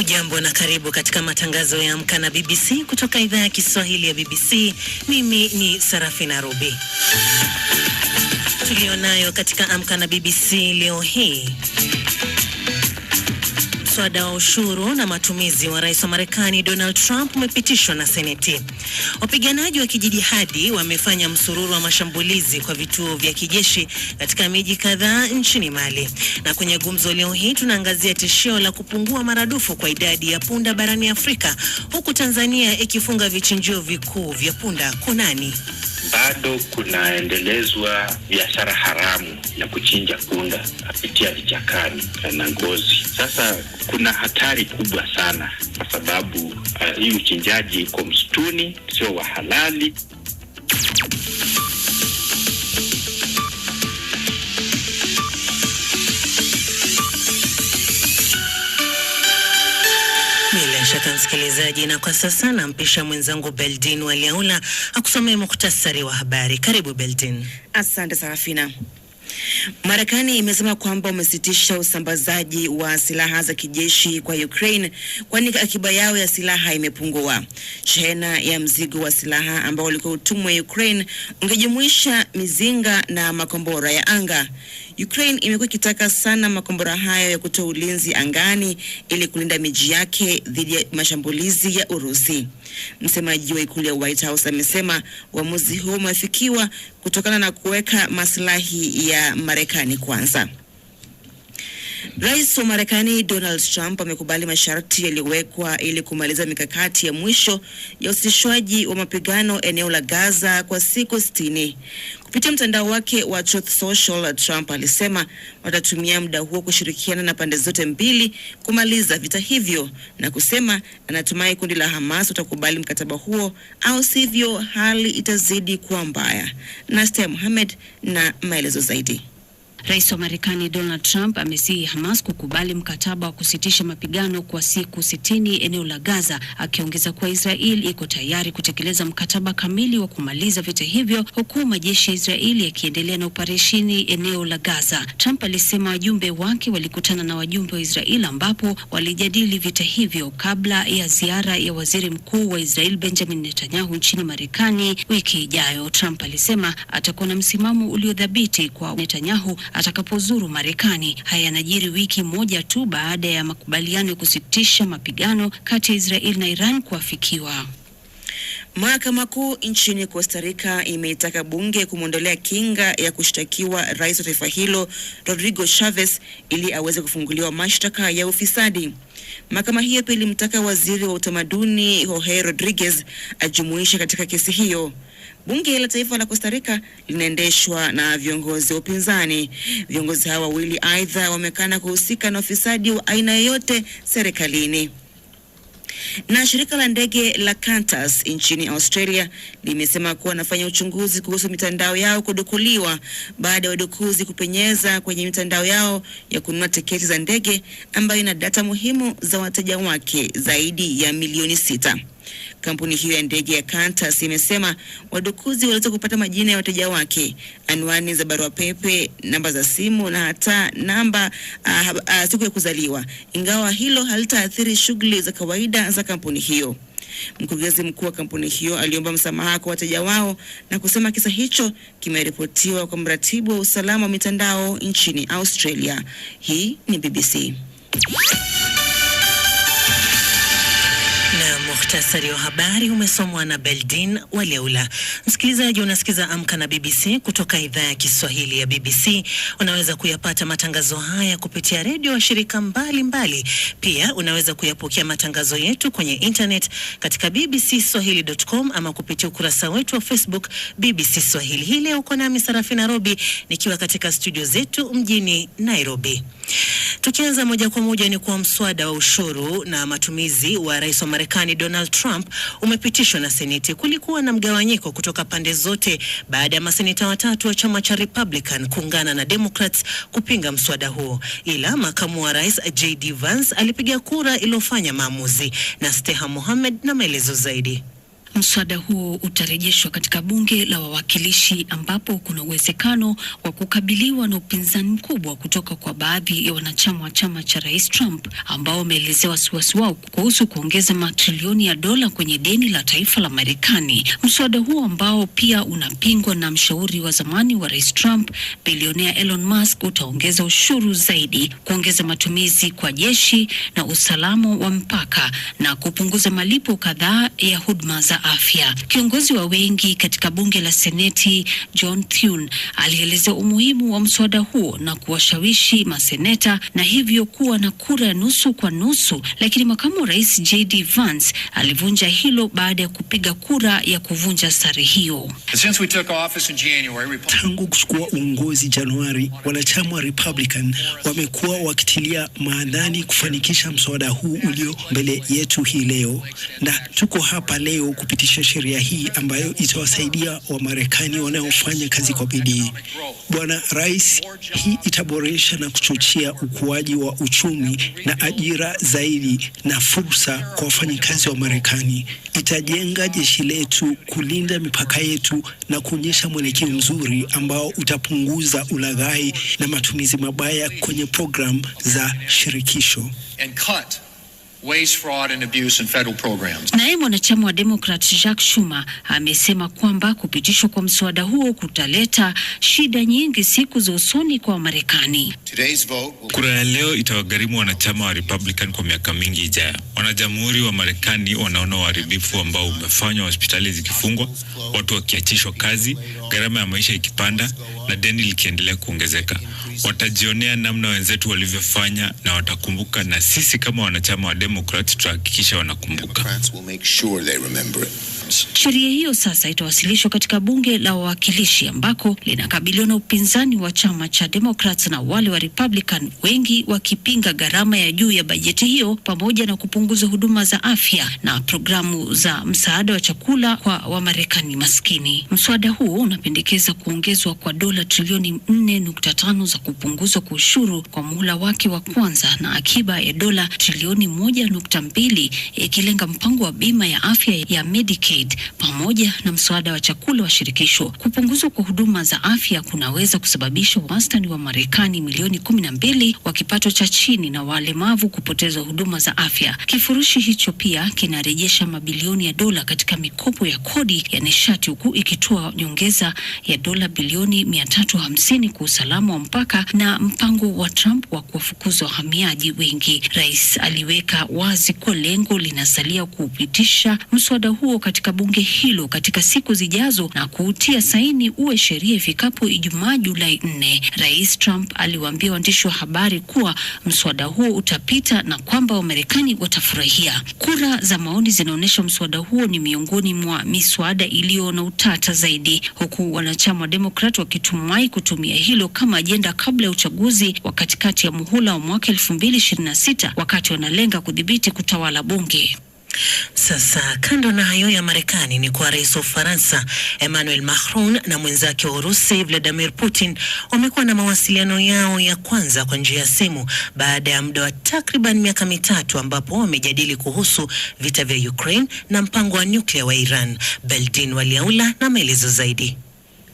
Hujambo na karibu katika matangazo ya Amka na BBC kutoka idhaa ya Kiswahili ya BBC. Mimi ni Sarafina Rubi. Tulionayo katika Amka na BBC leo hii mswada wa ushuru na matumizi wa rais wa Marekani Donald Trump umepitishwa na Seneti. Wapiganaji wa kijihadi wamefanya msururu wa mashambulizi kwa vituo vya kijeshi katika miji kadhaa nchini Mali. Na kwenye gumzo leo hii tunaangazia tishio la kupungua maradufu kwa idadi ya punda barani Afrika, huku Tanzania ikifunga vichinjio vikuu vya punda kunani bado kunaendelezwa biashara haramu ya kuchinja punda kupitia vichakani na ngozi. Sasa kuna hatari kubwa sana, kwa sababu uh, hii uchinjaji uko msituni, sio wa halali. shaka msikilizaji, na kwa sasa nampisha mwenzangu Beldin Waliaula akusomee muktasari wa habari. Karibu Beldin. Asante Sarafina. Marekani imesema kwamba umesitisha usambazaji wa silaha za kijeshi kwa Ukraine kwani akiba yao ya silaha imepungua. Shehena ya mzigo wa silaha ambao ulikuwa utumwa Ukraine ungejumuisha mizinga na makombora ya anga. Ukraine imekuwa ikitaka sana makombora hayo ya kutoa ulinzi angani ili kulinda miji yake dhidi ya mashambulizi ya Urusi. Msemaji wa ikulu ya White House amesema uamuzi huo umefikiwa kutokana na kuweka maslahi ya Marekani kwanza. Rais wa Marekani Donald Trump amekubali masharti yaliyowekwa ili kumaliza mikakati ya mwisho ya usitishwaji wa mapigano eneo la Gaza kwa siku sitini. Kupitia mtandao wake wa Truth Social, Trump alisema watatumia muda huo kushirikiana na pande zote mbili kumaliza vita hivyo, na kusema anatumai kundi la Hamas utakubali mkataba huo, au sivyo hali itazidi kuwa mbaya. Nastia Mohamed na maelezo zaidi. Rais wa Marekani Donald Trump amesihi Hamas kukubali mkataba wa kusitisha mapigano kwa siku sitini eneo la Gaza, akiongeza kuwa Israel iko tayari kutekeleza mkataba kamili wa kumaliza vita hivyo, huku majeshi ya Israeli yakiendelea na operesheni eneo la Gaza. Trump alisema wajumbe wake walikutana na wajumbe wa Israel ambapo walijadili vita hivyo kabla ya ziara ya waziri mkuu wa Israel Benjamin Netanyahu nchini Marekani wiki ijayo. Trump alisema atakuwa na msimamo uliodhabiti kwa Netanyahu atakapozuru Marekani. Haya yanajiri wiki moja tu baada ya makubaliano ya kusitisha mapigano kati ya Israel na Iran kuafikiwa. Mahakama Kuu nchini Costa Rica imeitaka bunge kumwondolea kinga ya kushtakiwa rais wa taifa hilo Rodrigo Chavez ili aweze kufunguliwa mashtaka ya ufisadi. Mahakama hiyo pia ilimtaka waziri wa utamaduni Jorge Rodriguez ajumuishe katika kesi hiyo. Bunge la Taifa la Costa Rica linaendeshwa na viongozi wa upinzani. Viongozi hawa wawili aidha wamekana kuhusika na ufisadi wa aina yoyote serikalini. Na shirika la ndege la Qantas nchini Australia limesema kuwa wanafanya uchunguzi kuhusu mitandao yao kudukuliwa baada ya wadukuzi kupenyeza kwenye mitandao yao ya kununua tiketi za ndege ambayo ina data muhimu za wateja wake zaidi ya milioni sita. Kampuni hiyo ya ndege ya Qantas imesema wadukuzi waliweza kupata majina ya wateja wake, anwani za barua pepe, namba za simu na hata namba uh, uh, siku ya kuzaliwa, ingawa hilo halitaathiri shughuli za kawaida za kampuni hiyo. Mkurugenzi mkuu wa kampuni hiyo aliomba msamaha kwa wateja wao na kusema kisa hicho kimeripotiwa kwa mratibu wa usalama wa mitandao nchini Australia. Hii ni BBC. Muhtasari wa habari umesomwa na Beldin Waleula. Msikilizaji, unasikiza Amka na BBC kutoka idhaa ya Kiswahili ya BBC. Unaweza kuyapata matangazo haya kupitia redio wa shirika mbalimbali. Pia unaweza kuyapokea matangazo yetu kwenye internet katika bbcswahili.com ama kupitia ukurasa wetu wa Facebook BBC Swahili. Hii leo uko nami Sarafina Robi nikiwa katika studio zetu mjini Nairobi. Tukianza moja kwa moja ni kwa mswada wa ushuru na matumizi wa rais wa Marekani Donald Trump umepitishwa na Seneti. Kulikuwa na mgawanyiko kutoka pande zote baada ya maseneta watatu wa chama cha Republican kuungana na Democrats kupinga mswada huo, ila makamu wa rais JD Vance alipiga kura iliyofanya maamuzi. Na Steha Mohamed na maelezo zaidi. Mswada huo utarejeshwa katika bunge la wawakilishi ambapo kuna uwezekano wa kukabiliwa na upinzani mkubwa kutoka kwa baadhi ya wanachama wa chama cha Rais Trump ambao wameelezea wasiwasi wao kuhusu kuongeza matrilioni ya dola kwenye deni la taifa la Marekani. Mswada huo ambao pia unapingwa na mshauri wa zamani wa Rais Trump, bilionea Elon Musk, utaongeza ushuru zaidi, kuongeza matumizi kwa jeshi na usalama wa mpaka na kupunguza malipo kadhaa ya huduma za afya. Kiongozi wa wengi katika bunge la seneti John Thune alielezea umuhimu wa mswada huo na kuwashawishi maseneta na hivyo kuwa na kura ya nusu kwa nusu, lakini makamu wa rais JD Vance alivunja hilo baada ya kupiga kura ya kuvunja sare hiyo. Tangu kuchukua uongozi Januari, wanachama wa Republican wamekuwa wakitilia maanani kufanikisha mswada huu ulio mbele yetu hii leo, na tuko hapa leo kupitisha sheria hii ambayo itawasaidia Wamarekani wanaofanya kazi kwa bidii. Bwana Rais, hii itaboresha na kuchochea ukuaji wa uchumi na ajira zaidi na fursa kwa wafanyakazi wa Marekani. Itajenga jeshi letu kulinda mipaka yetu na kuonyesha mwelekeo mzuri ambao utapunguza ulaghai na matumizi mabaya kwenye programu za shirikisho. And cut. Waste, fraud, and abuse in federal programs. Naye mwanachama wa Democrat Jack Schumer amesema kwamba kupitishwa kwa mswada huo kutaleta shida nyingi siku za usoni kwa will... Kura ya leo itawagharimu wanachama wa Republican kwa miaka mingi ijayo. Wanajamhuri wa Marekani wanaona uharibifu ambao umefanywa, hospitali zikifungwa, watu wakiachishwa kazi, gharama ya maisha ikipanda na deni likiendelea kuongezeka watajionea namna wenzetu walivyofanya na watakumbuka, na sisi kama wanachama wa Democrat tutahakikisha wanakumbuka. Sheria hiyo sasa itawasilishwa katika bunge la wawakilishi ambako linakabiliwa na upinzani wa chama cha Democrats na wale wa Republican, wengi wakipinga gharama ya juu ya bajeti hiyo pamoja na kupunguza huduma za afya na programu za msaada wa chakula kwa Wamarekani maskini. Mswada huo unapendekeza kuongezwa kwa dola trilioni 4.5 za kupunguzwa kwa ushuru kwa muhula wake wa kwanza na akiba ya dola trilioni moja nukta mbili ikilenga mpango wa bima ya afya ya Medicaid. Aid pamoja na mswada wa chakula wa shirikisho. Kupunguzwa kwa huduma za afya kunaweza kusababisha wastani wa Marekani milioni kumi na mbili wa kipato cha chini na walemavu kupoteza huduma za afya. Kifurushi hicho pia kinarejesha mabilioni ya dola katika mikopo ya kodi ya nishati huku ikitoa nyongeza ya dola bilioni mia tatu hamsini kwa usalama wa mpaka na mpango wa Trump wa kuwafukuza wahamiaji wengi. Rais aliweka wazi kuwa lengo linasalia kuupitisha mswada huo katika katika bunge hilo katika siku zijazo na kuutia saini uwe sheria ifikapo Ijumaa Julai nne. Rais Trump aliwaambia waandishi wa habari kuwa mswada huo utapita na kwamba Wamarekani watafurahia. Kura za maoni zinaonyesha mswada huo ni miongoni mwa miswada iliyo na utata zaidi, huku wanachama wa Demokrat wakitumai kutumia hilo kama ajenda kabla ya uchaguzi wa katikati ya muhula wa mwaka 2026 wakati wanalenga kudhibiti kutawala bunge. Sasa kando na hayo ya Marekani ni kwa rais wa Ufaransa Emmanuel Macron na mwenzake wa Urusi Vladimir Putin wamekuwa na mawasiliano yao ya kwanza kwa njia ya simu baada ya muda wa takriban miaka mitatu, ambapo wamejadili kuhusu vita vya Ukraine na mpango wa nyuklia wa Iran. Beldin Waliaula na maelezo zaidi.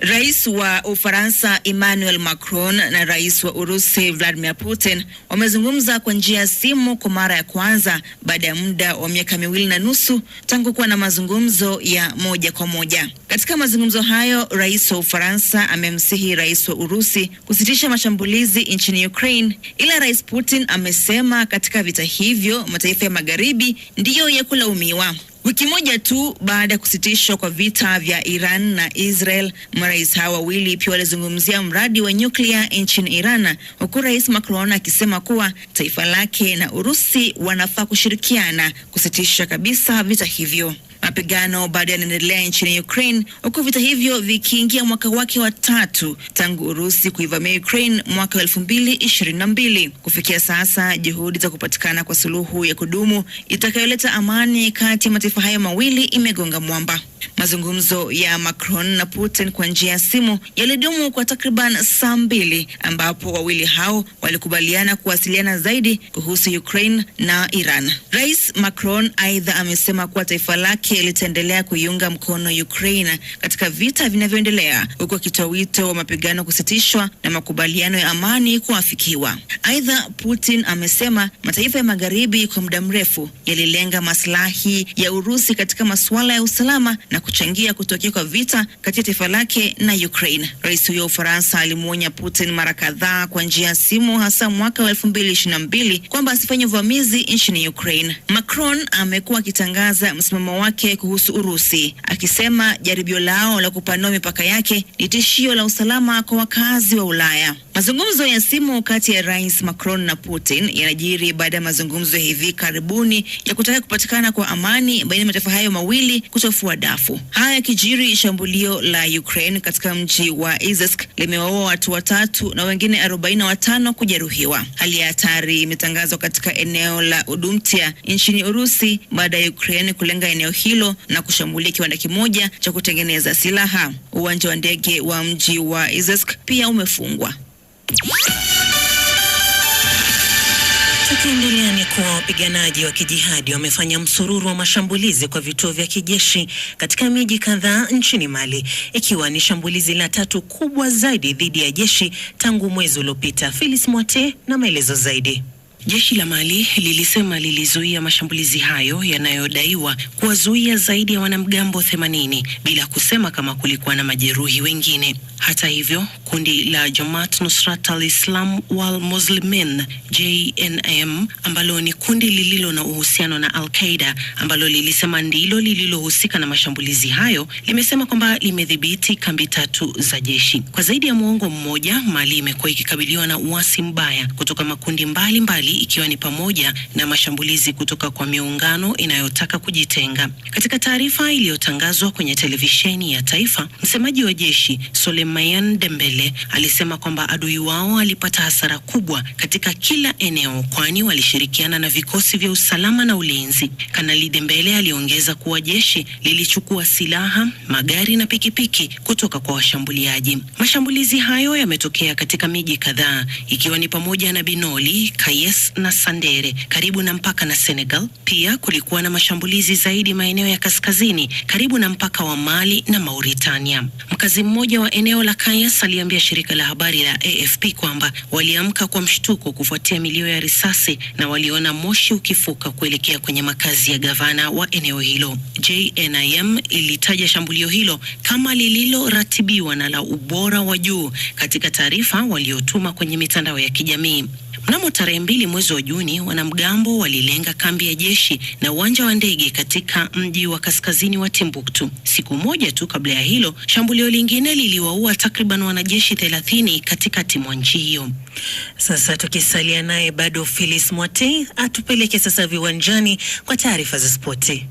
Rais wa Ufaransa Emmanuel Macron na rais wa Urusi Vladimir Putin wamezungumza kwa njia ya simu kwa mara ya kwanza baada ya muda wa miaka miwili na nusu tangu kuwa na mazungumzo ya moja kwa moja. Katika mazungumzo hayo, rais wa Ufaransa amemsihi rais wa Urusi kusitisha mashambulizi nchini Ukraine, ila rais Putin amesema katika vita hivyo mataifa ya magharibi ndiyo ya kulaumiwa. Wiki moja tu baada ya kusitishwa kwa vita vya Iran na Israel, marais hawa wawili pia walizungumzia mradi wa nyuklia nchini Iran, huku Rais Macron akisema kuwa taifa lake na Urusi wanafaa kushirikiana kusitisha kabisa vita hivyo. Mapigano bado yanaendelea nchini Ukraine, huku vita hivyo vikiingia mwaka wake wa tatu tangu Urusi kuivamia Ukraine mwaka wa elfu mbili ishirini na mbili. Kufikia sasa, juhudi za kupatikana kwa suluhu ya kudumu itakayoleta amani kati ya mataifa hayo mawili imegonga mwamba. Mazungumzo ya Macron na Putin kwa njia ya simu yalidumu kwa takriban saa mbili ambapo wawili hao walikubaliana kuwasiliana zaidi kuhusu Ukraine na Iran. Rais Macron aidha amesema kuwa taifa lake yake litaendelea kuiunga mkono Ukraine katika vita vinavyoendelea, huku akitoa wito wa mapigano kusitishwa na makubaliano ya amani kuafikiwa. Aidha, Putin amesema mataifa ya magharibi kwa muda mrefu yalilenga maslahi ya Urusi katika masuala ya usalama na kuchangia kutokea kwa vita kati ya taifa lake na Ukraine. Rais huyo wa Ufaransa alimwonya Putin mara kadhaa kwa njia ya simu, hasa mwaka wa elfu mbili ishirini na mbili kwamba asifanye uvamizi nchini Ukraine. Macron amekuwa akitangaza msimamo wake yake kuhusu Urusi, akisema jaribio lao la kupanua mipaka yake ni tishio la usalama kwa wakazi wa Ulaya. Mazungumzo ya simu kati ya Rais Macron na Putin yanajiri baada ya mazungumzo ya hivi karibuni ya kutaka kupatikana kwa amani baina ya mataifa hayo mawili kutofua dafu. Haya yakijiri, shambulio la Ukraine katika mji wa Izesk limewaua watu watatu na wengine arobaini na watano kujeruhiwa. Hali ya hatari imetangazwa katika eneo la Udumtia nchini Urusi baada ya Ukraine kulenga eneo hilo na kushambulia kiwanda kimoja cha kutengeneza silaha. Uwanja wa ndege wa mji wa Izesk pia umefungwa. Tukiendelea ni kuwa wapiganaji wa kijihadi wamefanya msururu wa mashambulizi kwa vituo vya kijeshi katika miji kadhaa nchini Mali, ikiwa ni shambulizi la tatu kubwa zaidi dhidi ya jeshi tangu mwezi uliopita. Phyllis Mwate na maelezo zaidi. Jeshi la Mali lilisema lilizuia mashambulizi hayo yanayodaiwa kuwazuia zaidi ya wanamgambo 80 bila kusema kama kulikuwa na majeruhi wengine. Hata hivyo, kundi la Jamaat Nusrat al-Islam wal Muslimin JNM ambalo ni kundi lililo na uhusiano na Al-Qaeda ambalo lilisema ndilo lililohusika na mashambulizi hayo limesema kwamba limedhibiti kambi tatu za jeshi. Kwa zaidi ya muongo mmoja, Mali imekuwa ikikabiliwa na uasi mbaya kutoka makundi mbalimbali mbali ikiwa ni pamoja na mashambulizi kutoka kwa miungano inayotaka kujitenga. Katika taarifa iliyotangazwa kwenye televisheni ya taifa, msemaji wa jeshi Soleiman Dembele alisema kwamba adui wao alipata hasara kubwa katika kila eneo, kwani walishirikiana na vikosi vya usalama na ulinzi. Kanali Dembele aliongeza kuwa jeshi lilichukua silaha, magari na pikipiki kutoka kwa washambuliaji. Mashambulizi hayo yametokea katika miji kadhaa ikiwa ni pamoja na Binoli, Kayes na Sandere karibu na mpaka na Senegal. Pia kulikuwa na mashambulizi zaidi maeneo ya kaskazini karibu na mpaka wa Mali na Mauritania. Mkazi mmoja wa eneo la Kayes aliambia shirika la habari la AFP kwamba waliamka kwa mshtuko kufuatia milio ya risasi na waliona moshi ukifuka kuelekea kwenye makazi ya gavana wa eneo hilo. JNIM ilitaja shambulio hilo kama lililoratibiwa na la ubora wa juu katika taarifa waliotuma kwenye mitandao ya kijamii. Mnamo tarehe mbili mwezi wa Juni, wanamgambo walilenga kambi ya jeshi na uwanja wa ndege katika mji wa kaskazini wa Timbuktu. Siku moja tu kabla ya hilo, shambulio lingine liliwaua takriban wanajeshi thelathini katikati mwa nchi hiyo. Sasa tukisalia naye bado Phyllis Mwate atupeleke sasa viwanjani kwa taarifa za spoti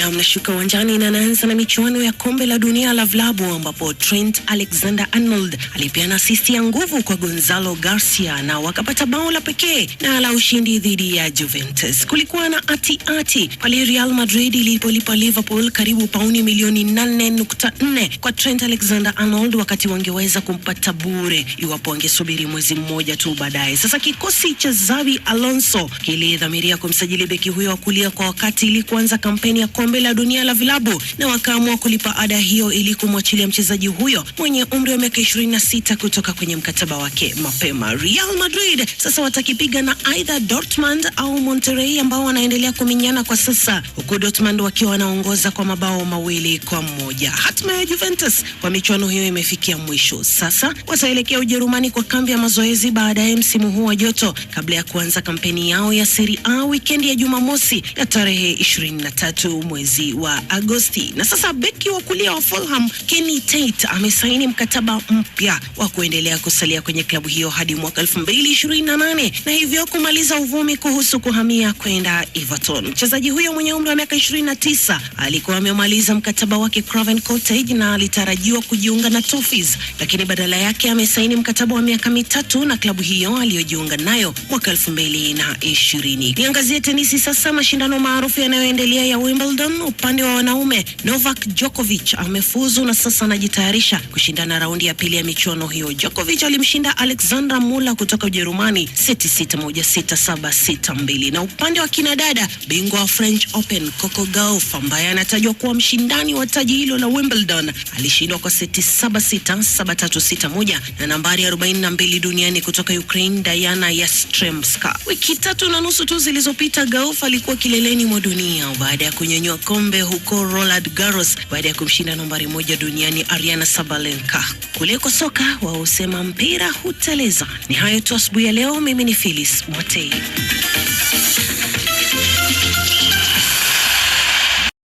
na mnashuka uwanjani na anaanza na michuano ya kombe la dunia la vilabu ambapo Trent Alexander Arnold alipeana asisti ya nguvu kwa Gonzalo Garcia na wakapata bao la pekee na la ushindi dhidi ya Juventus. Kulikuwa na atiati pale Real Madrid ilipolipa Liverpool karibu pauni milioni 8.4 kwa Trent Alexander Arnold, wakati wangeweza kumpata bure iwapo wangesubiri mwezi mmoja tu baadaye. Sasa kikosi cha Xabi Alonso kilidhamiria kumsajili beki huyo wa kulia kwa wakati ili kuanza kampeni ya kombe kombe la dunia la vilabu na wakaamua kulipa ada hiyo ili kumwachilia mchezaji huyo mwenye umri wa miaka sita kutoka kwenye mkataba wake mapema. Real Madrid sasa watakipiga na either Dortmund au Monterrey ambao wanaendelea kuminyana kwa sasa, huku Dortmund wakiwa wanaongoza kwa mabao mawili kwa mmoja. Hatima ya Juventus kwa michuano hiyo imefikia mwisho. Sasa wataelekea Ujerumani kwa kambi ya mazoezi baadaye msimu huu wa joto kabla ya kuanza kampeni yao ya Serie A wikendi ya Jumamosi ya tarehe 23 mwezi mwezi wa Agosti. Na sasa beki wa kulia wa Fulham Kenny Tate amesaini mkataba mpya wa kuendelea kusalia kwenye klabu hiyo hadi mwaka 2028 na hivyo kumaliza uvumi kuhusu kuhamia kwenda Everton. Mchezaji huyo mwenye umri wa miaka 29 alikuwa amemaliza mkataba wake Craven Cottage na alitarajiwa kujiunga na Toffees, lakini badala yake amesaini mkataba wa miaka mitatu na klabu hiyo aliyojiunga nayo mwaka 2020. Niangazie tenisi sasa, mashindano maarufu yanayoendelea ya Wimbledon Wimbledon upande wa wanaume, Novak Djokovic amefuzu na sasa anajitayarisha kushindana raundi ya pili ya michuano hiyo. Djokovic alimshinda Alexandra Mula kutoka Ujerumani seti sita moja sita saba sita mbili. Na upande wa kinadada, bingwa wa French Open Coco Gauff ambaye anatajwa kuwa mshindani wa taji hilo la Wimbledon alishindwa kwa seti saba sita saba tatu sita moja na nambari arobaini na mbili duniani kutoka Ukraine Diana Yastremska. Wiki tatu na nusu tu zilizopita, Gauff alikuwa kileleni mwa dunia baada ya kunyanyua kombe huko Roland Garros baada ya kumshinda nambari moja duniani Ariana Sabalenka. Kuliko soka waosema mpira huteleza. Ni hayo tu asubuhi ya leo. Mimi ni Phyllis Mwatei.